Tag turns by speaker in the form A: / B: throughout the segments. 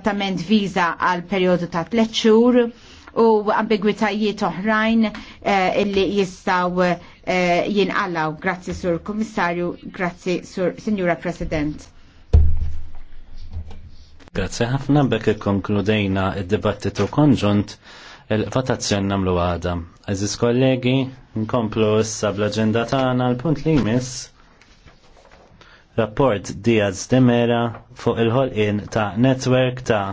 A: trattament viza għal periodu ta' tletxur u ambigwitajiet oħrajn eh, illi jistaw eh, jinqallaw. Grazzi Sur Komissarju, grazzi Sur Signora President.
B: Grazzi ħafna bekk ikkonkludejna id-dibattitu konġunt il-votazzjoni nagħmlu għada. Aziz kollegi, nkomplu issa bl-aġenda tagħna l-punt li jmiss rapport Diaz Demera fuq il-ħolqien ta' netwerk ta'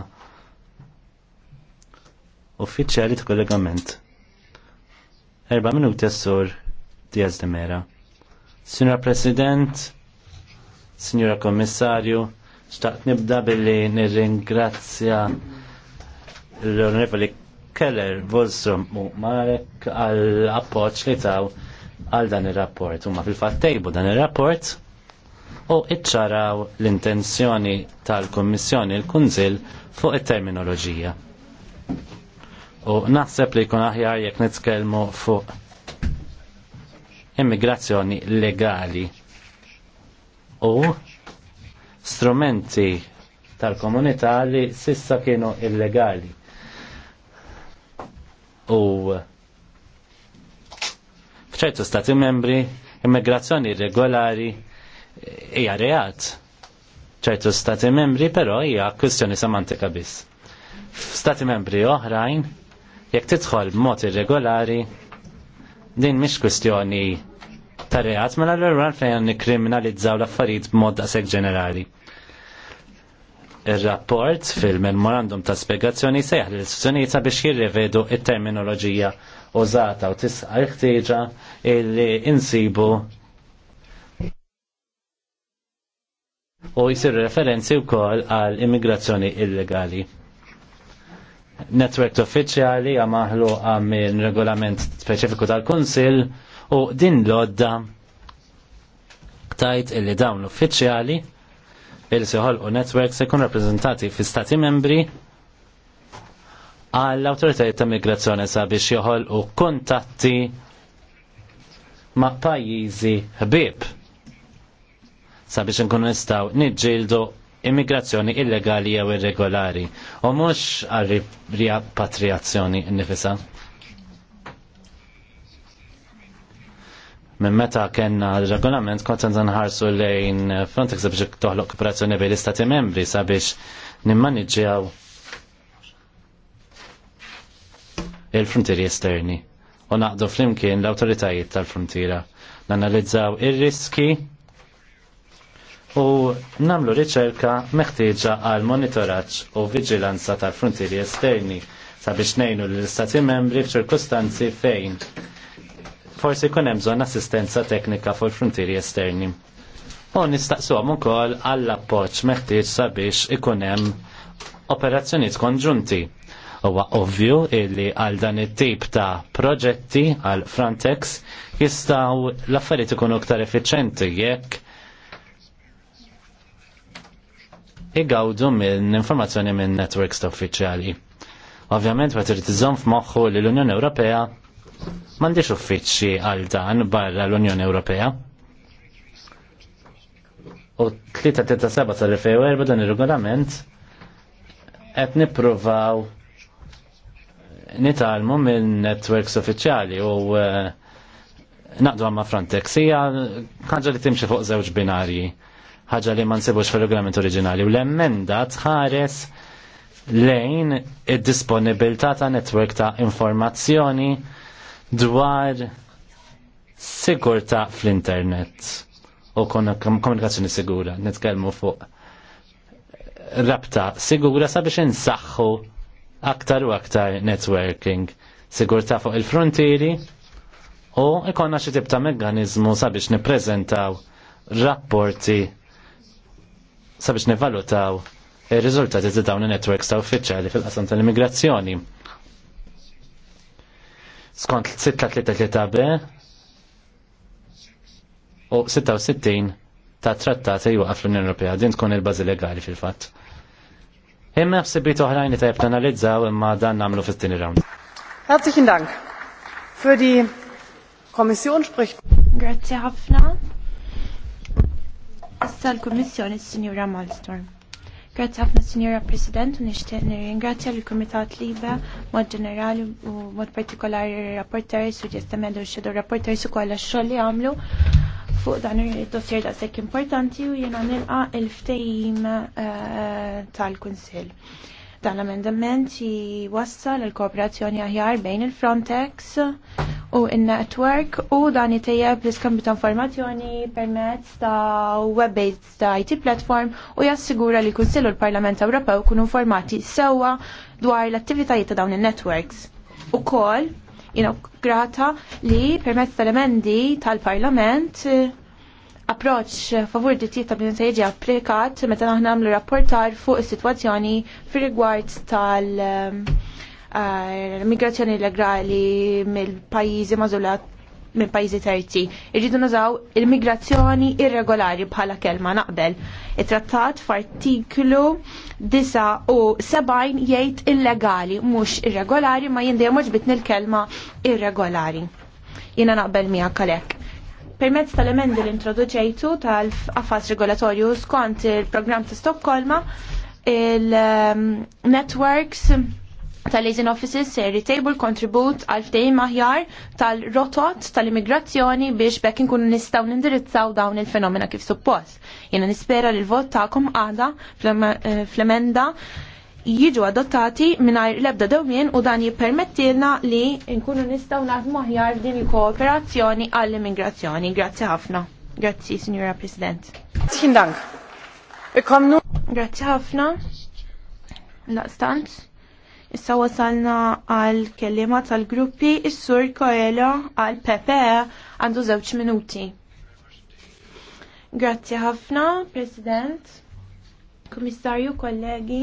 B: uffiċjali ta' kollegament. Erba' minuti s-sur Diaz Demera. Signora President, Signora Kommissarju, xtaqt nibda billi nirringrazzja l-Onorevoli Keller, Volsrum u Marek għal appoġġ li taw għal dan ir rapport ma fil-fatt tejbu dan ir rapport u iċċaraw l-intenzjoni tal-Kummissjoni l-Kunżil fuq it-terminoloġija. U naħseb li jkun aħjar jekk nitkellmu fuq immigrazzjoni legali u strumenti tal-komunità li sissa kienu illegali. U fċertu stati membri immigrazzjoni regolari hija reat. ċertu stati membri però hija kwistjoni semantika biss. F'stati membri oħrajn jekk tidħol b'mod irregolari din mhix kwistjoni ta' reat mela l-għal fejn nikkriminalizzaw l-affarijiet b'mod daqshekk ġenerali. Ir-rapport fil-memorandum ta' spiegazzjoni sejħ l-istituzzjonijiet sabiex jirrevedu it-terminoloġija użata u tisqa' l-ħtieġa illi insibu u jisir referenzi u kol għal immigrazzjoni illegali. Network uffiċjali għamaħlu minn regolament speċifiku tal konsil u din lodda ktajt illi dawn uffiċjali il siħol u network se kun rappresentati fi stati membri għall autoritajiet ta' migrazzjoni sabiex joħol u kontatti ma' pajjiżi ħbib sabiex inkunu nistaw niġġieldu immigrazzjoni illegali jew irregolari u mhux għal ripatriazzjoni nifisa. Minn meta kellna l-regolament kont nħarsu lejn Frontex sabiex toħloq kooperazzjoni bejn l-istati membri sabiex nimmaniġġjaw il-frontieri esterni u naqdu flimkien l-autoritajiet tal-frontiera. Nanalizzaw ir-riski u namlu riċerka meħtieġa għal monitoraġġ u viġilanza tal-frontieri esterni sabiex nejnu l-Istati membri f'ċirkustanzi fejn forsi kun hemm bżonn assistenza teknika fuq frontieri esterni. U nistaqsuhom ukoll għall appoġġ meħtieġ sabiex ikun hemm operazzjonijiet konġunti. Huwa ovvju illi għal dan it-tip ta' proġetti għal Frontex jistgħu l-affarijiet ikunu aktar effiċenti jekk igawdu minn informazzjoni minn networks ta' uffiċjali. Ovvjament ma trid iżżomm f'moħħu li l-Unjoni Ewropea m'għandix uffiċċji għal dan barra l-Unjoni Ewropea. U tlieta seba' tal-2004 dan ir-regolament qed nippruvaw nitalmu minn networks uffiċjali u eh, naqdu għamma Frontex hija ħaġa li timxi fuq żewġ binarji ħagġa li ma nsibux fil-regolament oriġinali u l-emenda tħares lejn id-disponibilità ta' netwerk ta' informazzjoni dwar sigurta fl-internet u komunikazzjoni sigura. Nitkellmu fuq rabta sigura sabiex insaħħu aktar u aktar networking. Sigurta fuq il-frontieri u ikonna xi tip ta' meganizmu sabiex nippreżentaw rapporti sabiex nevalutaw il-rizultati ta' dawn il-networks ta' uffiċjali fil-qasam tal-immigrazzjoni. Skont 633b u 66 ta' trattat li waqaf l-Unjoni Ewropea, din tkun il-bażi legali fil-fatt. Imma f'sibiet oħrajn li tajb tanalizzaw imma dan nagħmlu fit-tieni round. Herzlichen Dank. Für die Kommission spricht. Grazie ħafna.
A: Issa l-Kummissjoni s-Sinjura Malmström. Grazzi ħafna Sinjura President u nixtieq nirringrazzja lill kumitat Liba mod ġenerali u mod partikolari rapporteri su ġestamendu u xedu rapporteri su kolla xogħol li għamlu fuq dan il-dossier da' sekk importanti u jiena nilqa il-ftejim eh, tal-Kunsill. Dan l-amendament wassal il-kooperazzjoni aħjar bejn il-Frontex u in-network u dan jitejjeb l-iskambju ta' informazzjoni permezz ta' web-based ta' IT platform u jassigura li kunsillu kunsill u l-Parlament Ewropew kunu informati sewwa dwar l-attivitajiet ta' dawn in-networks. kol, jina grata li permezz tal-emendi tal-Parlament eh, approċ favur dittijiet ta' bnita jiġi applikat meta naħna għamlu rapportar fuq is-sitwazzjoni fir rigward tal- eh, l eh, migrazzjoni legali mill-pajjiżi mażulat minn pajjiżi terzi. Irridu nużaw il-migrazzjoni irregolari bħala kelma naqbel. It-trattat f'artiklu 9 u jgħid illegali mhux irregolari ma jindejmux bitni l-kelma irregolari. Jiena naqbel miegħek għalhekk permezz tal-emendi li introduċejtu tal-affas regolatorju skont il-programm ta' Stokkolma il-networks um, tal-Asian Offices se jtejbu l-kontribut għal ftehim aħjar tal-rotot tal-immigrazzjoni biex bekk nkunu nistgħu nindirizzaw dawn il-fenomena kif suppost. Jiena nispera li l-vot tagħkom għadha eh, fl-emenda jiġu adottati mingħajr l-ebda dewmien u dan jippermettilna li nkunu nistgħu naħdmu aħjar din il-kooperazzjoni għall-immigrazzjoni. Grazzi ħafna. Grazzi, Signora President. Grazzi ħafna. Issa wasalna għal kellima tal-gruppi is-sur Koelo għal Pepe għandu żewġ minuti. Grazzi ħafna, President, Komissarju, kollegi.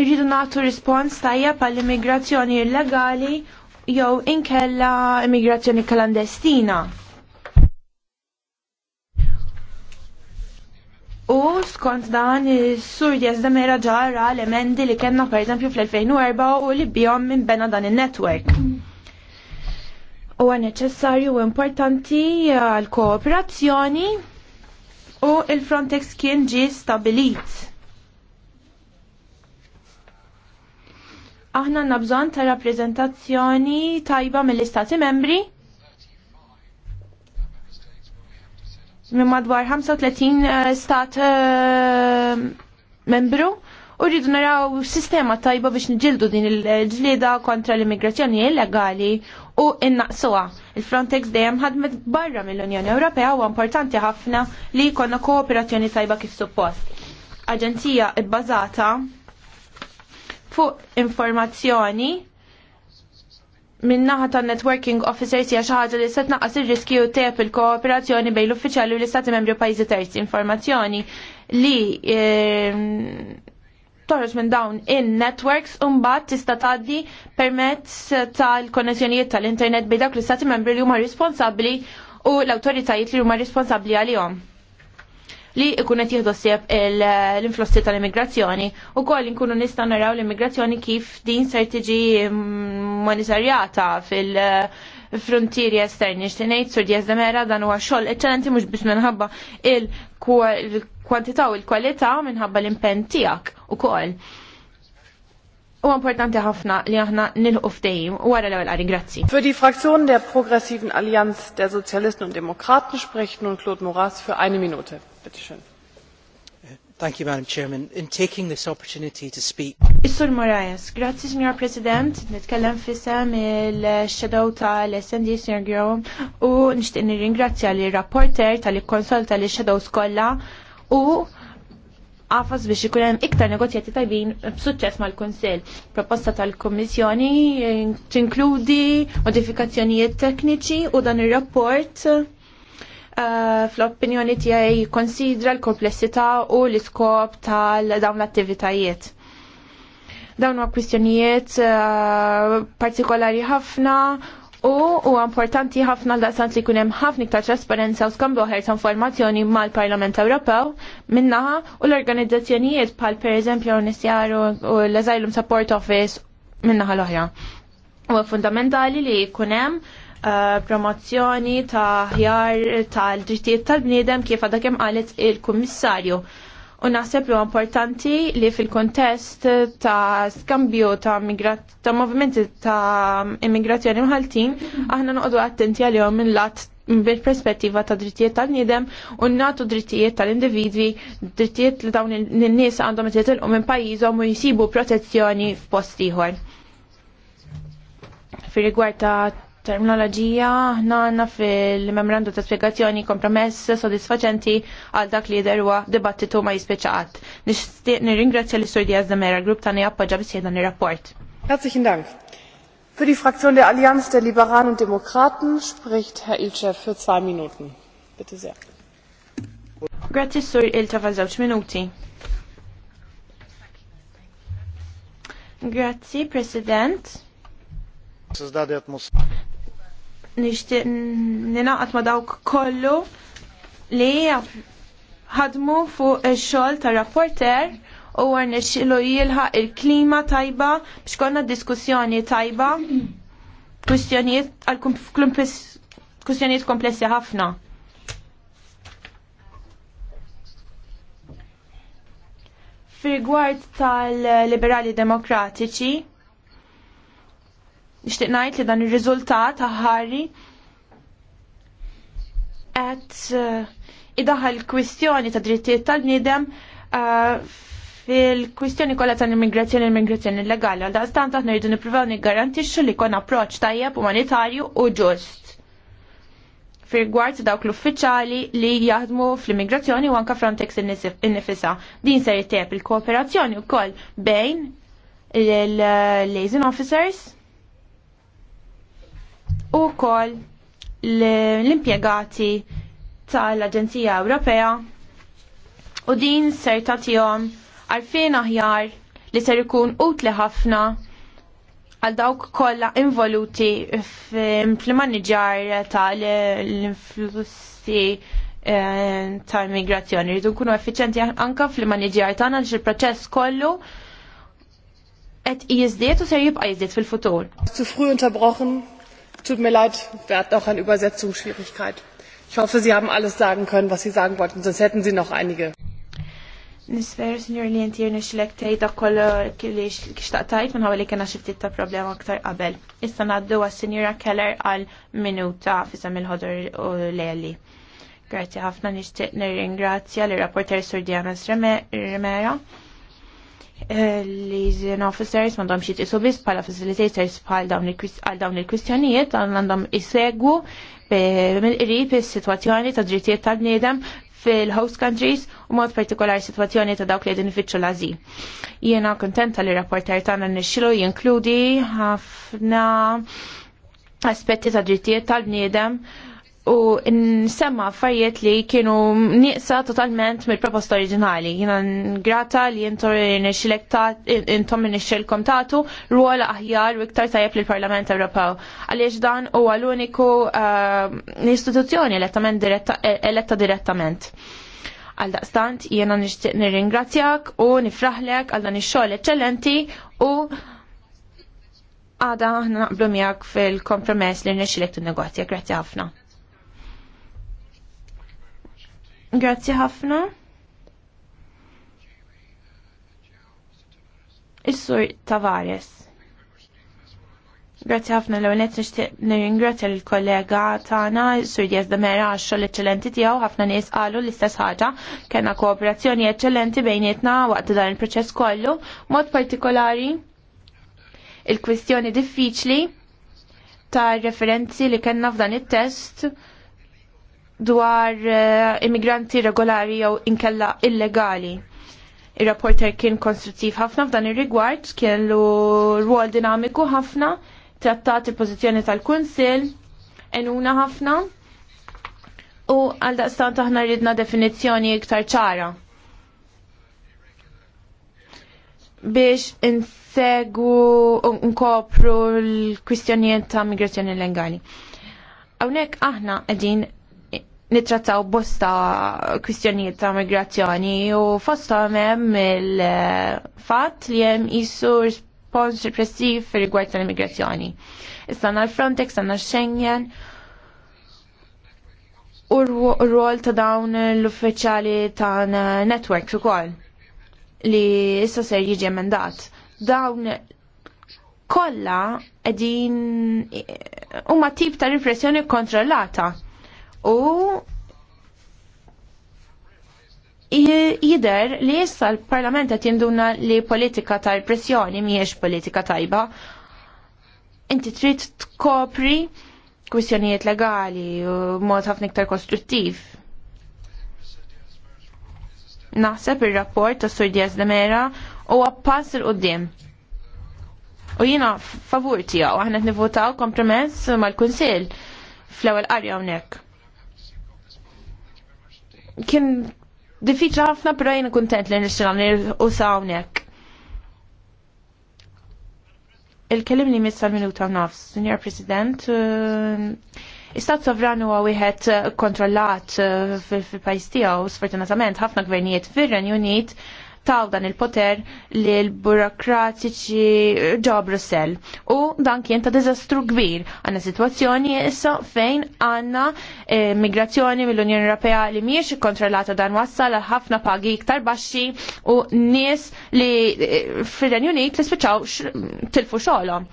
A: irridu nagħtu rispons tajjeb għall immigrazzjoni illegali jew inkella immigrazzjoni klandestina. U skont dan is-sur jeżdemera ġara l-emendi li kellna pereżempju fl-2004 u li bihom minn bena dan in-netwerk. Huwa neċessarju u importanti uh, għal kooperazzjoni u il-Frontex kien ġi stabilit. Aħna nabżon ta' rappreżentazzjoni tajba mill-Istati membri minn madwar 35 eh, stat eh, membru u rridu naraw sistema tajba biex nġildu din il-ġlieda kontra l-immigrazzjoni illegali u innaqsuha. Il-Frontex dejjem ħadmet barra mill-Unjoni Ewropea u importanti ħafna li jkollna kooperazzjoni tajba kif suppost. Aġenzija bbażata fuq informazzjoni Min-naħa ta' networking officers hija xi ħaġa li se tnaqqas ir-riskju tiegħek il-kooperazzjoni bejn l-uffiċjali u l-istati membri pajjiżi terzi informazzjoni li ehm, toħroġ minn dawn in-networks u mbagħad tista' tgħaddi permezz tal-konnessjonijiet tal-internet bejn dawk l-istati membri li huma responsabbli u l-awtoritajiet li huma responsabbli għalihom li ikunet jihdu sjeb l-influssi tal-immigrazzjoni u koll inkunu nista naraw l-immigrazzjoni kif din ser tiġi monitorjata fil-frontieri esterni. Xtenejt sur di de dan huwa xogħol eċċellenti mhux biex minħabba il-kwantità u l-kwalità minħabba l-impenn tiegħek ukoll. U importanti ħafna li aħna nilħu f'dejjem wara l-ewwel qari grazzi. Für die Fraktion der Progressiven Allianz der Sozialisten und Demokraten spricht nun Claude Moras für eine Minute. Petition.
C: Thank you, Madam Chairman. In taking this opportunity to speak...
A: Moraes, grazzi, Signor President, nitkellem fissem il-shadow tal-SND, Signor Grom, u nishtiq nirringrazzja li rapporter tal-konsulta tal shadow skolla u għafas biex ikun hemm iktar negozjati tajbin b'suċċess mal-Kunsill. Proposta tal-Kummissjoni tinkludi modifikazzjonijiet tekniċi u dan ir-rapport Eh, fl-opinjoni tiegħi jikkonsidra l-komplessità u l-iskop tal-dawn l-attivitajiet. Dawn huwa kwistjonijiet eh, partikolari ħafna U u importanti ħafna l daqsant li kunem ħafna iktar trasparenza u skambu ħer ta' informazzjoni mal-Parlament Ewropew minnaħa u l-organizzazzjonijiet pal per eżempju UNHCR u l-Asylum Support Office minnaħa l-oħra. U fundamentali li kunem Eh, promozzjoni ta' ħjar tal-drittijiet tal-bniedem kif għadha kemm qalet il-Kummissarju. U naħseb li importanti li fil-kontest ta' skambju ta' migrat ta' movimenti ta' immigrazzjoni mħaltin, aħna noqdu attenti għalihom minn lat bil-perspettiva ta' drittijiet tal-nidem u natu drittijiet tal-individwi, drittijiet li dawn n-nies għandhom u minn pajjiżhom u jisibu protezzjoni f'post ieħor. Fi rigward ta' terminologija aħna għanna fil-memorandum ta' spiegazzjoni kompromess sodisfaċenti għal dak li derwa dibattitu ma jispiċaqat. nirringrazzja l istur Diaz Damera, grupp tani appoġġa bisjed dan il rapport
B: Herzlichen Dank. Für die Fraktion der Allianz der Liberalen und Demokraten spricht Herr Ilchev für zwei Minuten. Bitte sehr.
A: Grazie sur Ilchev għal żewġ minuti. Grazie, President nixtieq ninaqat ma dawk kollu li ħadmu fuq ix-xogħol tar rapporter u għarnexilu jilħaq il-klima tajba biex konna diskussjoni tajba kwistjonijiet kustjoniet komplessi ħafna. fir rigward tal-liberali demokratiċi, Nixtieq ngħid li dan ir-riżultat ħari qed eh, l kwistjoni ta' drittijiet tal-bniedem eh, fil-kwistjoni kollha tal-immigrazzjoni l-immigrazzjoni illegali għal daqstant aħna rridu nippruvaw niggarantixxu li jkun approċċ tajjeb umanitarju u ġust fir-rigward dawk l-uffiċjali li jaħdmu fl-immigrazzjoni u anka Frontex innifisa. Din ser jtep il-kooperazzjoni wkoll bejn l-liaison officers u kol l-impiegati tal-Aġenzija Ewropea u din ser tagħtihom għalfejn aħjar li ser ikun utli ħafna għal dawk kollha involuti fl maniġar tal-influssi eh, tal-migrazzjoni. Ridu nkunu effiċenti anka fil-maniġjar tagħna għal il-proċess kollu qed jiżdied u ser jibqa' jizdiet fil-futur.
B: Zu früh unterbrochen Tut mir leid, wir hatten auch eine Übersetzungsschwierigkeit. Ich hoffe, Sie haben alles sagen können, was Sie sagen wollten, sonst hätten Sie noch einige. Nisfer, signor
A: li jinti jirni xilek tejda kollu li xtaqtajt minn li kena xiftit ta' problema aktar qabel. Issa naddu għas signora Keller għal minuta fissam il-ħodur u lejli. Grazie ħafna nishtiq nir-ringrazzja li rapporter Sur Diana Remera. Eh, leasing officers mandom xie tisu pala facilitators pal dawn il-kwistjonijiet għandhom isegwu mill-qrib is-sitwazzjoni ta' drittijiet tal-bniedem fil-host countries u mod partikolari situazzjoni ta' dawk li din fitxu lazi. Jena Jiena kontenta li rapporter tagħna nixxilu jinkludi ħafna aspetti ta' drittijiet tal-bniedem u nsemma affarijiet li kienu nieqsa totalment mill-proposta oriġinali. Jina grata li intom nixxilkom tatu ruola aħjar u iktar tajjeb lill parlament Ewropew. Għaliex dan huwa l-uniku eh, istituzzjoni eletta direttament għal daqstant jiena nixtieq nirringrazzjak u nifraħlek għal dan ix-xogħol eċċellenti u għada aħna naqblu miegħek fil-kompromess li nixxilek negozja Grazzi ħafna. Grazzi ħafna. Is-sur Tavares. Grazzi ħafna l net nishtiq nirringrazzja l-kollega tagħna sur Diaz de Mera għax xogħol eċċellenti tiegħu ħafna nies qalu l-istess ħaġa kellna kooperazzjoni eċċellenti bejnietna waqt dan il-proċess kollu, mod partikolari il-kwistjoni diffiċli ta' referenzi li kellna f'dan it-test dwar eh, immigranti regolari jew inkella illegali. Ir-rapporter kien konstruttiv ħafna f'dan ir-rigward, kellu rwol dinamiku ħafna, trattat il-pożizzjoni tal-Kunsill, enuna ħafna, u għal daqstant aħna rridna definizzjoni iktar ċara. biex insegu nkopru l-kwistjonijiet ta' migrazzjoni legali. Hawnhekk aħna qegħdin nitrattaw bosta kwistjonijiet ta' migrazzjoni u fosta hemm il eh, fat li hemm isu respons repressiv fir rigward tal-immigrazzjoni. Istanna l-Frontex, istanna l-Schengen, u r-rol ta' dawn l-uffiċjali ta' u eh, ukoll li issa ser jiġi emendat. Dawn kollha eh, u ma tip ta' repressjoni kontrollata u jider li jissa l-parlament qed jinduna li politika tal-pressjoni mhijiex politika tajba. Inti trid tkopri kwistjonijiet legali u mod ħafna iktar kostruttiv. Naħseb ir-rapport ta' Sur Diaz de Mera u pass il qoddim U jiena favur tiegħu aħna nivvotaw kompromess mal-Kunsill fl-ewwel qarja hawnhekk kien diffiċli ħafna pero jien kuntent li nixtieq u hawnhekk. Il-kelim li missa minuta nafs, Signor President, eh, Istat sovran huwa wieħed eh, kontrollat eh, fil-pajjiż tiegħu sfortunatament ħafna gvernijiet fir-Renju Unit taw dan il-poter li l-burokratiċi ġo Brussel. U dan kien ta' dizastru kbir għanna situazzjoni issa fejn għanna eh, migrazzjoni mill-Unjoni Ewropea li miex kontrollata dan wassal għal ħafna pagi iktar baxxi u nies li eh, fil-Renju Unit li spiċaw tilfu xogħolhom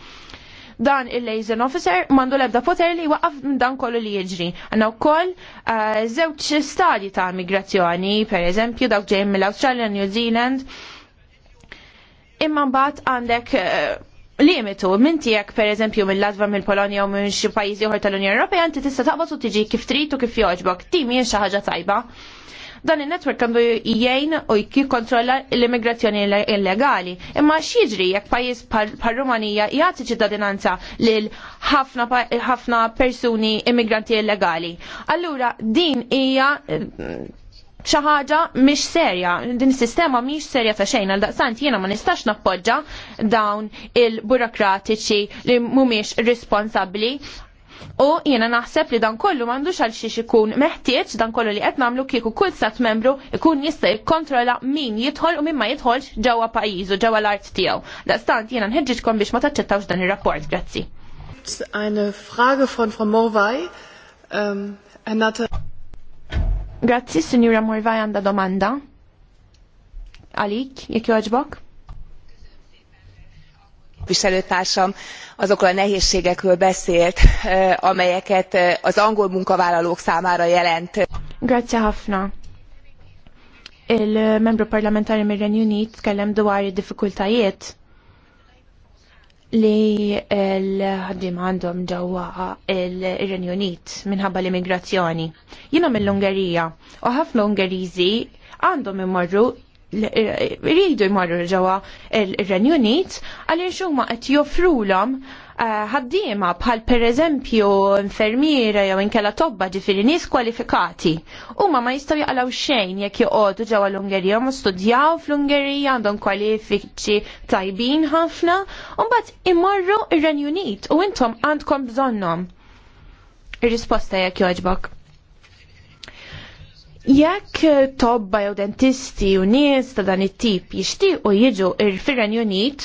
A: dan il lazen officer mandu lebda poter li waqaf dan kollu li jiġri. Għanna u koll uh, eh, zewċ stadji ta' migrazzjoni, per eżempju, dawk ġejn mill-Australia, New Zealand. Imma mbagħad għandek eh, limitu minn tiegħek pereżempju mill-Latva mill-Polonja u minn xie pajjiżi oħra tal-Unjoni Ewropea inti tista' taqbad u tiġi kif trid u kif jogħġbok. Tim hija xi ħaġa tajba. Dan il-network għandu jgħin u kontrolla l-immigrazzjoni illegali. Imma xieġri jekk pajis par Rumanija jgħati ċittadinanza lil ħafna persuni immigranti illegali. Allura din hija eh, xi ħaġa mhix serja, din is-sistema mhix serja ta' xejn għal daqsant jiena ma nistax nappoġġa dawn il-burokratiċi li mhumiex responsabbli U jiena naħseb li dan kollu m'għandux għal xiex ikun meħtieġ dan kollu li qed nagħmlu kieku kull stat membru ikun jista' jikkontrolla min jidħol u min ma jidħolx ġewwa pajjiżu ġewwa l-art tiegħu. Daqstant jiena nħeġġitkom biex ma taċċettawx dan ir-rapport. Grazzi.
B: Eine Frage von Frau Morvay. Um, ähm, another...
A: Grazzi, Sinjura Morvay għandha domanda. Għalik, jekk joħġbok? képviselőtársam azokról a nehézségekről beszélt amelyeket az angol munkavállalók számára jelent. Grazie ħafna. Il-membru parlamentari mir-Renju Unit tkellem dwar id-diffikultajiet li l-ħaddim għandhom ġewwa il-Renju Unit minħabba l-immigrazzjoni. Jiena mill-Ungerija u ħafna Ungeriżi għandhom imorru rridu jmorru ġewwa ir-Renju Unit għaliex huma qed joffrulhom eh, ħaddiema bħal pereżempju infermiera jew inkella tobba ġifieri nies kwalifikati. Huma ma jistgħu jaqalaw xejn jekk joqogħdu ġewwa l-Ungerija ma studjaw fl-Ungerija għandhom kwalifiċi tajbin ħafna u mbagħad imorru ir-Renju Unit u intom għandkom bżonnhom. Ir-risposta jekk jogħġbok. Jekk tobba jew dentisti u nies ta' dan it-tip jixtiequ jiġu fir firen Unit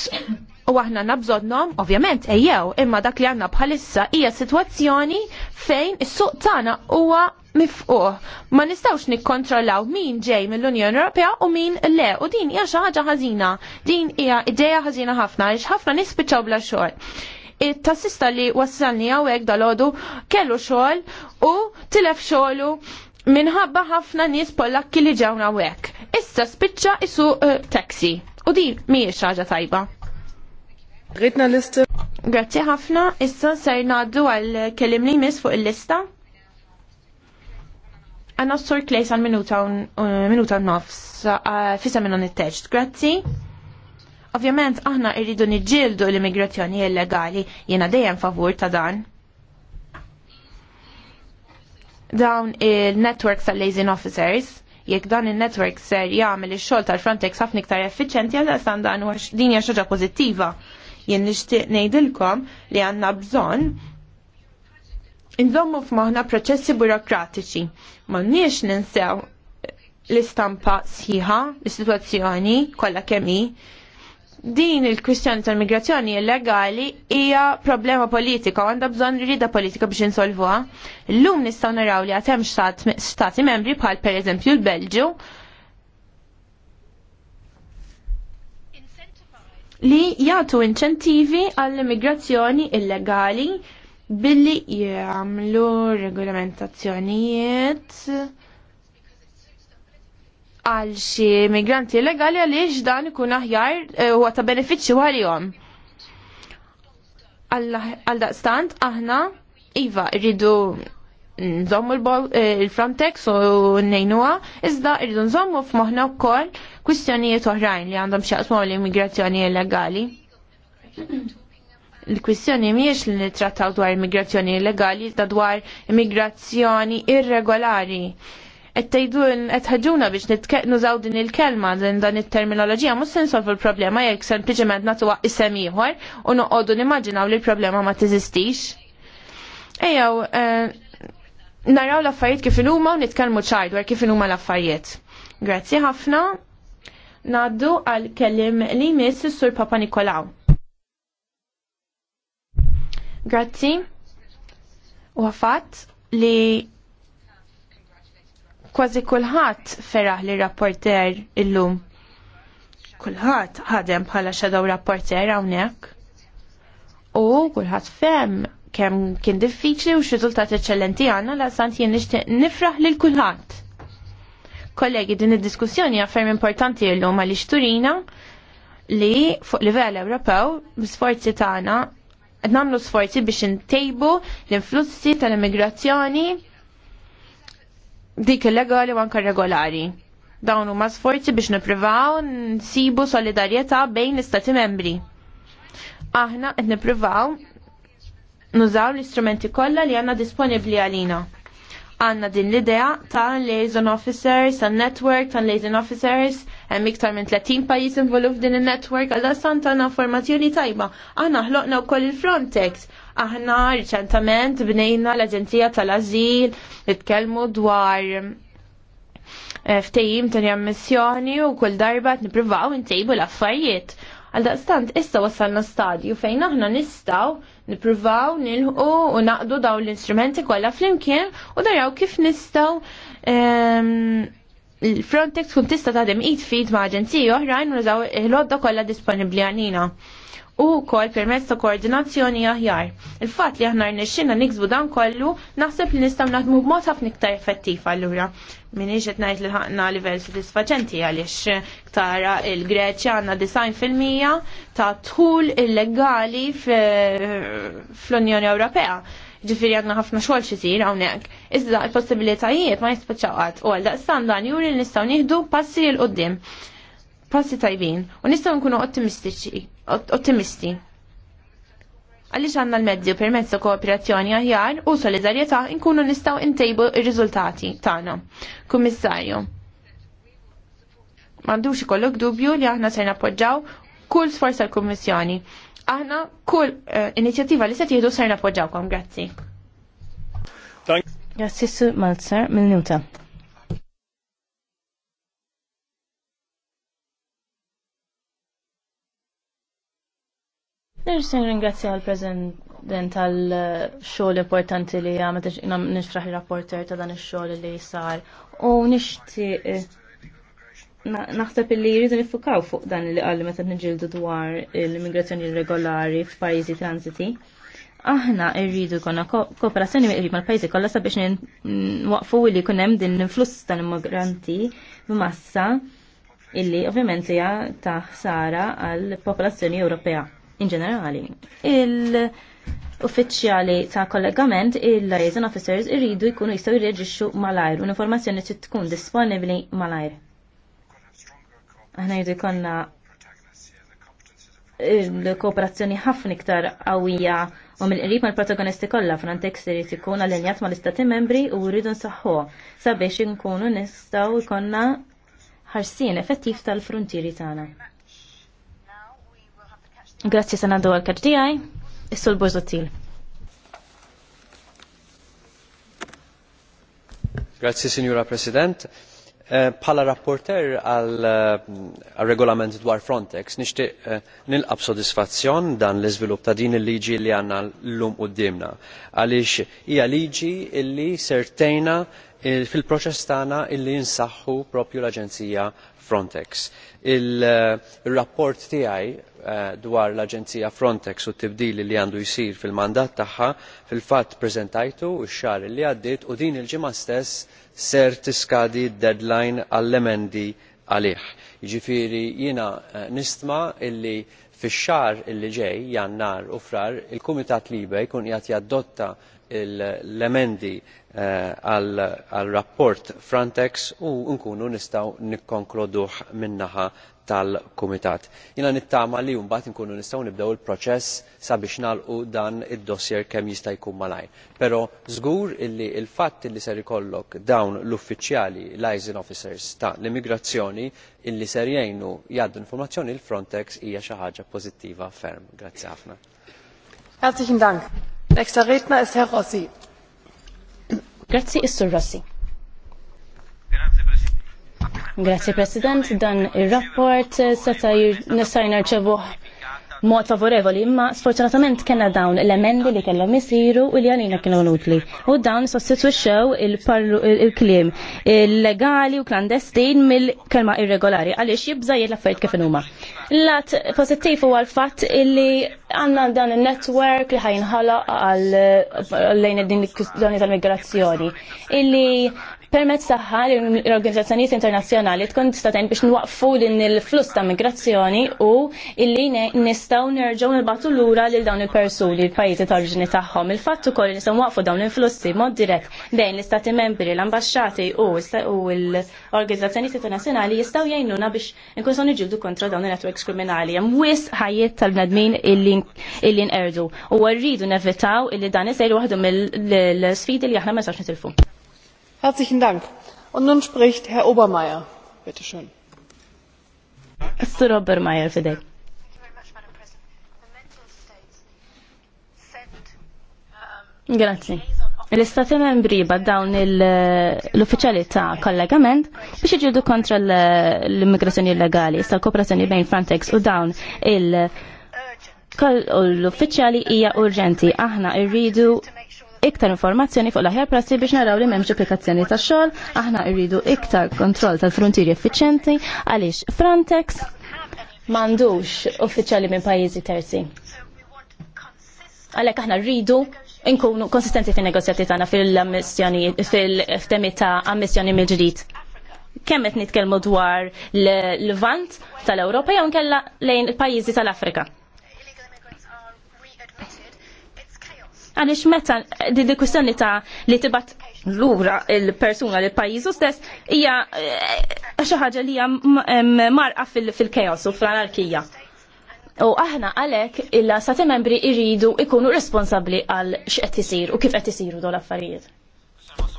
A: u aħna nabżodnom, ovvjament, ejjew, imma dak li għanna bħalissa hija sitwazzjoni fejn is-suq tagħna huwa mifquh. Ma nistgħux nikkontrollaw min ġej mill-Unjoni Ewropea u min le, u din hija xi ħaġa ħażina. Din hija idea ħażina ħafna għaliex ħafna nispiċċaw bla xogħol. It-tassista li wassalni hawnhekk dalodu kellu xogħol u tilef xogħlu minħabba ħafna nies Pollakki li ġewna hekk. Issa spiċċa isu uh, taxi. U di mhijiex ħaġa tajba. Ritna lista. Grazzi ħafna, issa ser ngħaddu għal kelim li jmiss fuq il-lista. Għanna s sur klejs għal minuta minuta nofs fissa minna minnon it-teġt. Grazzi. Ovvjament aħna irridu niġġieldu l-immigrazzjoni illegali, jiena dejjem favur ta' dan dawn il-networks tal-Lazing Officers jekk dan il-network ser jagħmel ix-xogħol tal-Frontex ħafna iktar effiċjenti għal dan dan din hija xi pożittiva. Jien nixtieq ngħidilkom li għandna bżonn inżommu f'moħħna proċessi burokratiċi. M'għandniex ninsew l-istampa sħiħa, l-sitwazzjoni kollha kemm hi din il-kwistjoni tal-migrazzjoni illegali hija problema politika u għandha bżonn rida politika biex insolvuha. Illum nistgħu naraw li għad hemm stati membri bħal pereżempju l-Belġju li jagħtu inċentivi għall-immigrazzjoni illegali billi jagħmlu regolamentazzjonijiet għal xi migranti illegali għaliex dan ikun aħjar eh, huwa ta' benefiċċju għalihom. Għal daqstant aħna iva rridu nżommu il-Frontex eh, u nejnuha, iżda rridu nżommu f'moħħna wkoll kwistjonijiet oħrajn li għandhom x'jaqsmu l-immigrazzjoni illegali. Il-kwistjoni mhijiex li nittrattaw dwar immigrazzjoni illegali, iżda dwar immigrazzjoni irregolari qed tgħidu qed ħaġuna biex nużaw din il-kelma din dan it-terminoloġija mhux se nsolvu l-problema jekk sempliċement nagħtuha isem ieħor u noqogħdu nimmaġinaw li l-problema ma tiżistix. Ejjew eh, naraw l-affarijiet kif huma u nitkellmu ċar dwar kif huma l-affarijiet. Grazzi ħafna. Naddu għal kellim li jmiss is-Sur Papa Nikolaw. Grazzi. U li Kważi kulħadd feraħ li rapporter illum. Kulħadd ħadem bħala xadow rapporter hawnhekk. U kulħadd fem kemm kien diffiċli u x-riżultat eċċellenti għandna la sant jien nixtieq nifraħ lil kulħadd. Kollegi, din id-diskussjoni ferm importanti llum għaliex turina li fuq livell Ewropew b'sforzi tagħna qed nagħmlu sforzi biex intejbu l-influssi tal-immigrazzjoni dik illegali u anke regolari. Dawn huma sforzi biex nippruvaw nsibu solidarjetà bejn l-istati membri. Aħna qed nippruvaw nużaw l-istrumenti kollha li għandna disponibbli għalina. Għandna din l-idea ta' liaison officers, tal network, tal liaison officers, hemm iktar minn 30 pajjiż involut f'din in-network għal santa għandna informazzjoni tajba. Aħna ħloqna wkoll il-Frontex. Aħna riċentament bnejna l-Aġenzija tal-Ażil nitkellmu dwar eh, ftejim ta' jammissjoni u kull darba nippruvaw intejbu l-affarijiet. Għaldaqstant, issa wasalna stadju fejn aħna nistaw nippruvaw nilħu u naqdu daw l-instrumenti kollha flimkien u daraw kif nistaw ehm, Frontex kun tista dem id fit ma' aġenziji oħrajn u nużaw il-ħodda kollha disponibbli għalina u kol permezz ta' koordinazzjoni aħjar. Il-fatt li aħna rnexxinna niksbu dan kollu naħseb li nistgħu naħdmu b'mod ħafna iktar effettiv allura. M'in qed ngħid li ħaqna livell sodisfaċenti għaliex ktara il-Greċja għandna design fil-mija ta' tħul illegali fl-Unjoni Ewropea ġifiri għadna ħafna xogħol xisir hawnhekk. Iżda l-possibilitajiet ma jispiċċaqat u għal daqstan dan juri li nistgħu nieħdu passi l qoddim Passi tajbin u nistgħu nkunu ottimistiċi, ottimisti. Għaliex għandna l-mezzi u permezz ta' kooperazzjoni aħjar u solidarjetà nkunu nistgħu ntejbu r-riżultati tagħna. Kummissarju, m'għandux ikollok dubju li aħna ser nappoġġaw kull sforza l kummissjoni aħna kull eh, inizjattiva li se tieħdu ser Grazzi.
D: Grazzi su Malzer minuta. Nirsen ringrazzja għal-President tal-xogħol eh, importanti li għamet nixraħ il-rapporter ta' dan ix xol li sar u nixtieq naħseb illi jridu nifukaw fuq dan li għalli meta nġildu dwar l-immigrazzjoni regolari f'pajjiżi transiti. Aħna rridu jkollna kooperazzjoni mill-qrib mal-pajjiżi kollha sabiex nwaqfu li jkun hemm din l-influss tal-immigranti b'massa illi ovvjament hija ta' ħsara għall popolazzjoni Ewropea in ġenerali. Il uffiċjali ta' kollegament il-liaison officers irridu jkunu jistgħu jirreġixxu malajr u l-informazzjoni tkun disponibbli malajr. Aħna jridu jkollna l-kooperazzjoni eh, ħafna iktar għawija u mill qrib mal-protagonisti kollha Frontex irid ikun allinjat mal-istati membri u rridu nsaħħu sabiex inkunu nistgħu jkollna ħarsien effettiv tal fruntieri tagħna. Grazzi sena d għal kartijaj, issul bożotil.
C: Grazie, Signora Presidente. Eh, pala rapporter eh, għal regolament dwar Frontex nixtieq eh, nilqa' sodisfazzjon dan l-iżvilupp ta' din il-liġi li għandna llum dimna għaliex hija liġi li sertejna fil-proċess tagħna illi nsaħħu propju l-Aġenzija Frontex. Il-rapport tiegħi dwar l-Aġenzija Frontex u t-tibdil li għandu jsir fil-mandat tagħha fil-fatt preżentajtu x-xahar li għaddiet u din il-ġimgħa stess ser tiskadi d deadline għall-emendi għalih. Jiġifieri jiena eh, nistma' illi fix-xahar illi ġej jannar u frar il-Kumitat Libe jkun jgħat jaddotta l-emendi eh, għal rapport Frontex u nkunu nistgħu nikkonkluduh min-naħa tal-Kumitat. Jiena nittama li mbagħad inkunu nistgħu nibdew il-proċess sabiex nagħlqu dan id-dossier kemm jista' jkun malajr. Però żgur illi l-fatt illi ser ikollok dawn l-uffiċjali liaison officers ta' l-immigrazzjoni illi ser jgħinu jgħaddu informazzjoni l Frontex hija xi ħaġa pożittiva ferm. Grazzi ħafna.
B: Herzlichen Dank. Nächster Redner ist Herr Rossi. Grazzi, Issur Rossi.
D: Grazie President, dan il-rapport eh, seta nisajna rċevuħ mod favorevoli, imma sfortunatament kena dawn l-emendi li kellhom isiru u li għalina kienu nutli. U dawn sostituxxew il klim il legali u klandestin mill-kelma irregolari għaliex jibżajjed l-affarijiet kif huma. L-lat pozittiv huwa l-fatt illi għanna dan il-network li ħajnħala għal lejn din l-kustjoni tal-migrazzjoni illi permezz taħħa l-organizzazzjonijiet internazzjonali tkun tistaten biex nwaqfu din il-fluss ta' migrazzjoni u illi nistaw nerġgħu ura lura lil dawn il persuli l-pajjiżi ta' oriġini tagħhom. Il-fatt ukoll nistgħu nwaqfu dawn l-influssi mod dirett bejn l-istati membri, l-ambasċati u l-organizzazzjonijiet internazzjonali jistgħu jajnuna biex nkun son kontra dawn il-networks kriminali, jem wis ħajiet tal nadmin illi nqerdu. U għarridu nevitaw illi dan isejr waħdu mill-sfidi li aħna ma nistax nitilfu.
B: Herzlichen Dank. Und nun spricht Herr Obermeier. Bitte schön.
D: Sir Obermeier fidek. Grazie l-istati membri baddawn l-uffiċjali ta' kollegament biex iġidu kontra l-immigrazzjoni illegali sa' kooperazzjoni bejn Frontex u dawn il- l-uffiċjali hija urġenti. Aħna rridu iktar informazzjoni fuq l-aħjar prassi biex naraw li memx applikazzjoni ta' xogħol, aħna rridu iktar kontroll tal-frontieri effiċenti għaliex Frontex mandux uffiċjali minn pajjiżi terzi. Għalhekk aħna rridu Inkunu konsistenti fin negozjati tagħna fil-ammissjoni fil-ftemi ta' ammissjoni mill-ġdid. Kemm qed nitkellmu dwar l vant tal-Ewropa jew nkella lejn il-pajjiżi tal-Afrika. Għaliex meta din di kwistjoni ta' li tibat lura il-persuna li pajjiżu stess hija eh, xi ħaġa li hija marqa fil-kaos u fl-anarkija. U aħna għalek illa stati membri iridu ikunu responsabli għal x'qed isir u kif qed isiru dol affarijiet. Thank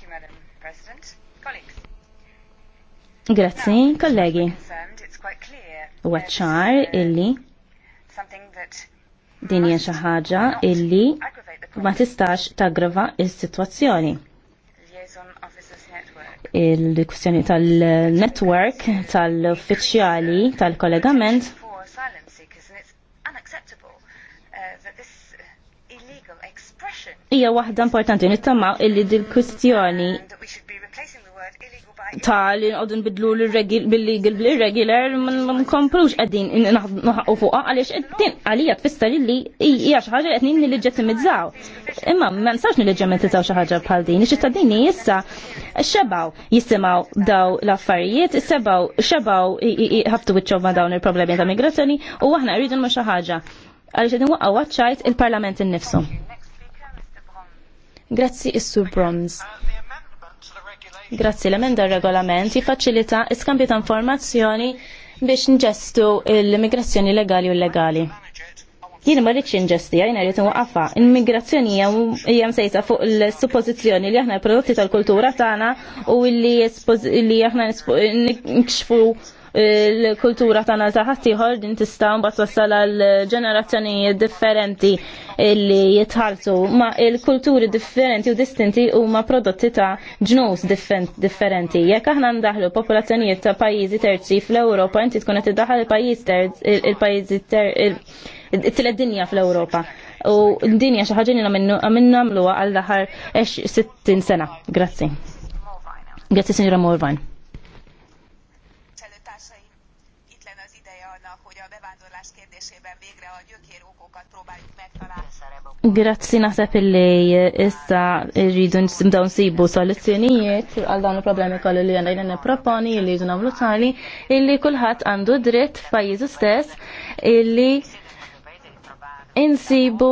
A: you, Madam President.
D: Grazzi, kollegi. Waċċar uh, illi din hija xi ħaġa illi ma tistax taggrava s-sitwazzjoni il-kustjoni tal-network, tal-uffiċjali, tal-kollegament. Ija waħda importanti nittama illi dil-kustjoni ta' li nqogħdu nbidlu bil-legal bil-regular ma nkomplux qegħdin naħqu fuqha għaliex qed għalija tfisser li hija xi ħaġa qed nillegittimizzaw. Imma ma nistgħux nillegittimizzaw xi ħaġa bħal din, ix-ċittadini issa xebgħu jisimgħu daw l-affarijiet, sebaw xebaw ħabtu wiċċhom ma' dawn il-problemi ta' migrazzjoni u aħna rridu ma' xi ħaġa għaliex qegħdin waqgħu waċċajt il-Parlament innifsu. Grazzi is-Sur Bronze. Grazzi l-emenda regolament jifaċilita iskambju ta' informazzjoni biex nġestu l-immigrazzjoni legali u legali. Jien ma rridx inġesti, jien rrid inwaqafha. Immigrazzjoni hija msejsa fuq l-suppożizzjoni li aħna prodotti tal-kultura tagħna u li aħna nkxfu il-kultura tagħna ta' ħaddieħor din tista' mbagħad wassal għal ġenerazzjonijiet differenti li jitħarsu ma il-kulturi differenti u distinti huma prodotti ta' ġnus differenti. Jekk aħna ndaħlu popolazzjonijiet ta' pajjiżi terzi fl-Ewropa inti tkun qed tiddaħħal il-pajjiż terz il-pajjiżi it-tlet dinja fl-Ewropa. U d-dinja xi ħaġa minnu nagħmluha għal daħar 60 sena. Grazzi. Grazzi Sinjura Morvine. Grazzi naħseb illi issa rridu nsimdaw nsibu soluzzjonijiet għal dawn il-problemi kollu li għandajna nipproponi li jridu nagħmlu tali illi kulħadd għandu dritt f'pajjiżu stess illi insibu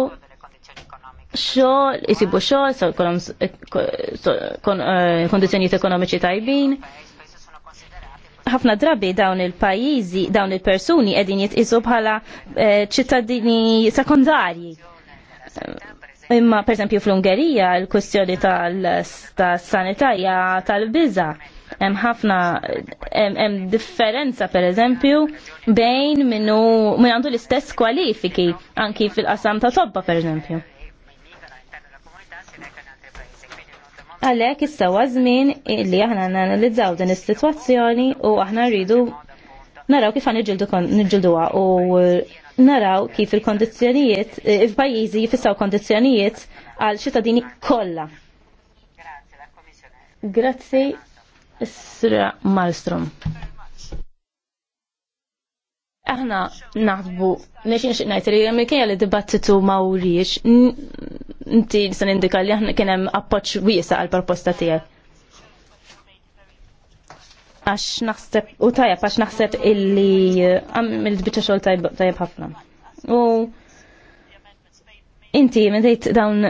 D: xogħol, isibu xogħol, eh, kondizzjonijiet ekonomiċi tajbin ħafna drabi dawn il-pajizi, dawn il-persuni edin jitqisu bħala eh, ċittadini sekondarji. Imma pereżempju fl-Ungerija l-kwestjoni tal-sanitarja tal-biża hemm ħafna hemm differenza pereżempju bejn minnu minn għandu l-istess kwalifiki anki fil-qasam ta' tobba pereżempju. Għalhekk sewwa żmien li aħna nanalizzaw din is-sitwazzjoni u aħna rridu naraw kif niġġilduha u naraw kif il-kondizjonijiet, il-pajizi jifissaw kondizjonijiet għal ċittadini kolla. Grazzi, Sra Malstrom. Aħna naħbu, nexin xinajt li kien li dibattitu mawriex, inti nisan indika li aħna kienem appoċ wiesa għal proposta tijak għax naħseb, u tajab għax naħseb illi eh, għam il xol tajab ħafna. U inti minn dawn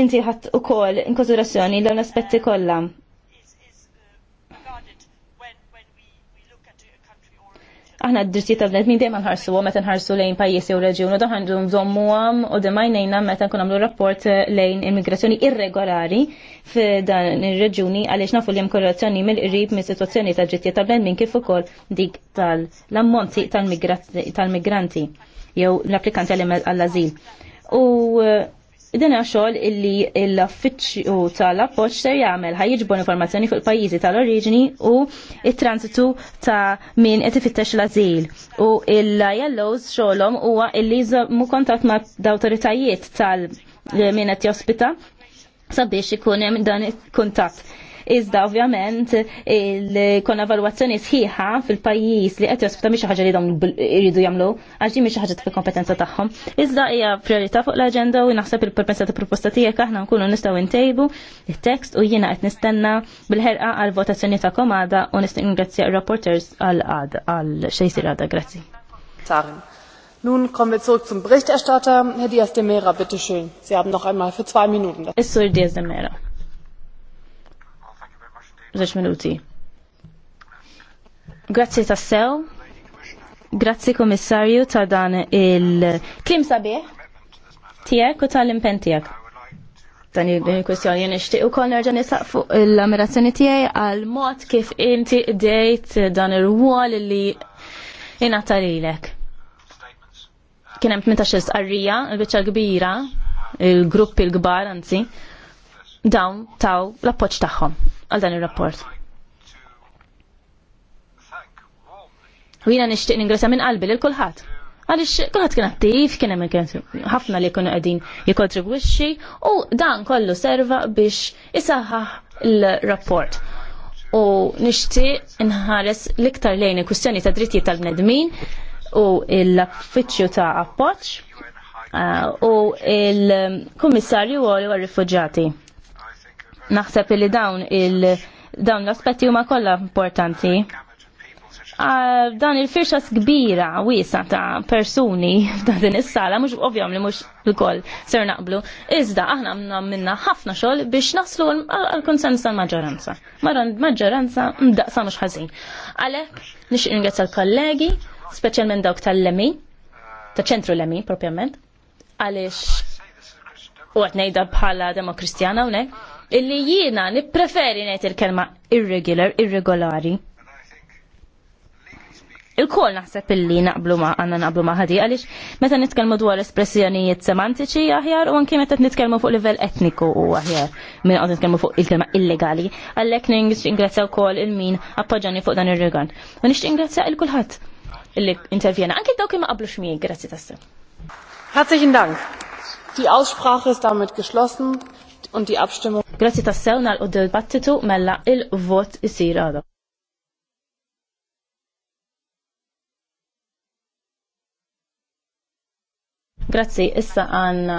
D: inti ħadd ukoll in konsiderazzjoni l-aspetti kollam. aħna d-drittijiet tal-bnedmin dejjem nħarsu għom meta nħarsu lejn pajjiżi u reġjun u daħandu nżommu għom u demajnejna meta nkun għamlu rapport lejn immigrazzjoni irregolari f'dan ir-reġjuni għaliex nafu li hemm korrelazzjoni mill-qrib minn sitwazzjoni tal-drittijiet tal-bnedmin kif ukoll dik tal-ammonti tal-migranti jew l-applikanti għall-azil. U Din xogħol illi l-affiċċju tal-appoġġ ser jagħmel ħajjiġbu informazzjoni fuq il-pajjiżi tal-oriġini u it-transitu ta' min qed ifittex l azil U l-yellows xogħolhom huwa illi jżommu kontatt ma' d-awtoritajiet tal- min qed jospita sabiex ikun hemm dan il-kuntatt Iżda ovvjament l-kon valwazzjoni sħiħa fil-pajjiż li qed jospita miex ħaġa li dom iridu jagħmlu għax miex ħagġa ħaġa kompetenza tagħhom. Iżda hija priorita fuq l agenda u naħseb il-perpensa ta' proposta tiegħek aħna nkunu nistgħu ntejbu il tekst u jina qed nistenna bil-ħerqa għal votazzjoni ta' komada u nista' ingrazzja rapporters għal għad għal xejsir għada. Grazzi.
B: Nun kommen wir zurück zum Berichterstatter. Herr Diaz de Mera, bitte schön. Sie haben noch einmal für zwei Minuten. Es soll Diaz de Mera
D: żewġ minuti. Grazzi tassew. Grazzi komissarju ta' dan il-klim sabieħ tijek u tal-impen tijek. Dan il-kwestjoni nishtiq u kol nerġa nisaq fuq l-ammirazzjoni tijaj għal-mod kif inti dejt dan il-wall li inata lilek. Kienem 18 arrija, il-bicċa kbira, il grupp il gbar anzi, dawn taw l-appoċ taħħom għal dan ir-rapport. U jiena nixtieq ningresa minn qalbi lil kulħadd. Għaliex kulħadd kien attiv, kien hemm kien ħafna li kienu qegħdin jikkontribwixxi u dan kollu serva biex isaħħaħ il-rapport. U nixtieq inħares l-iktar lejn il-kwistjoni ta' drittijiet tal-bnedmin u l-affiċċju ta' appoġġ uh, u l-Kummissarju għal rifugġati Naħseb li dawn il- dawn l-aspetti huma kollha importanti. Dan il-firxa kbira wiesa ta' persuni ta' din is-sala mhux ovvjam li mhux ukoll ser naqblu, iżda aħna minna ħafna xogħol biex naslu għal-konsens tal-maġġoranza. Maġġoranza mdaqsa mhux ħażin. Għalhekk nixtieq ringrazzja l-kollegi, speċjalment dawk tal-Lemi, ta' ċentru Lemi propjament, għaliex u għatnejda bħala demokristjana unek illi jiena nippreferi ngħid il-kelma irregular, irregolari. Il-kol naħseb illi naqblu ma' għanna naqblu ma' ħadi għaliex meta nitkellmu dwar espressjonijiet semantiċi aħjar u anke meta nitkellmu fuq livell etniku u aħjar minn qed nitkellmu fuq il-kelma illegali għalhekk ningrazzja wkoll il-min appoġġani fuq dan ir-rigand. U nixtieq ingrazzja il kulħadd illi intervjena anke dawk li ma qablux miegħi, grazzi tassew.
B: Herzlichen Dank. Die Aussprache
D: ist damit geschlossen und die Abstimmung. Grazie tassew nal u battitu mella il-vot isir għada. Grazie, issa għanna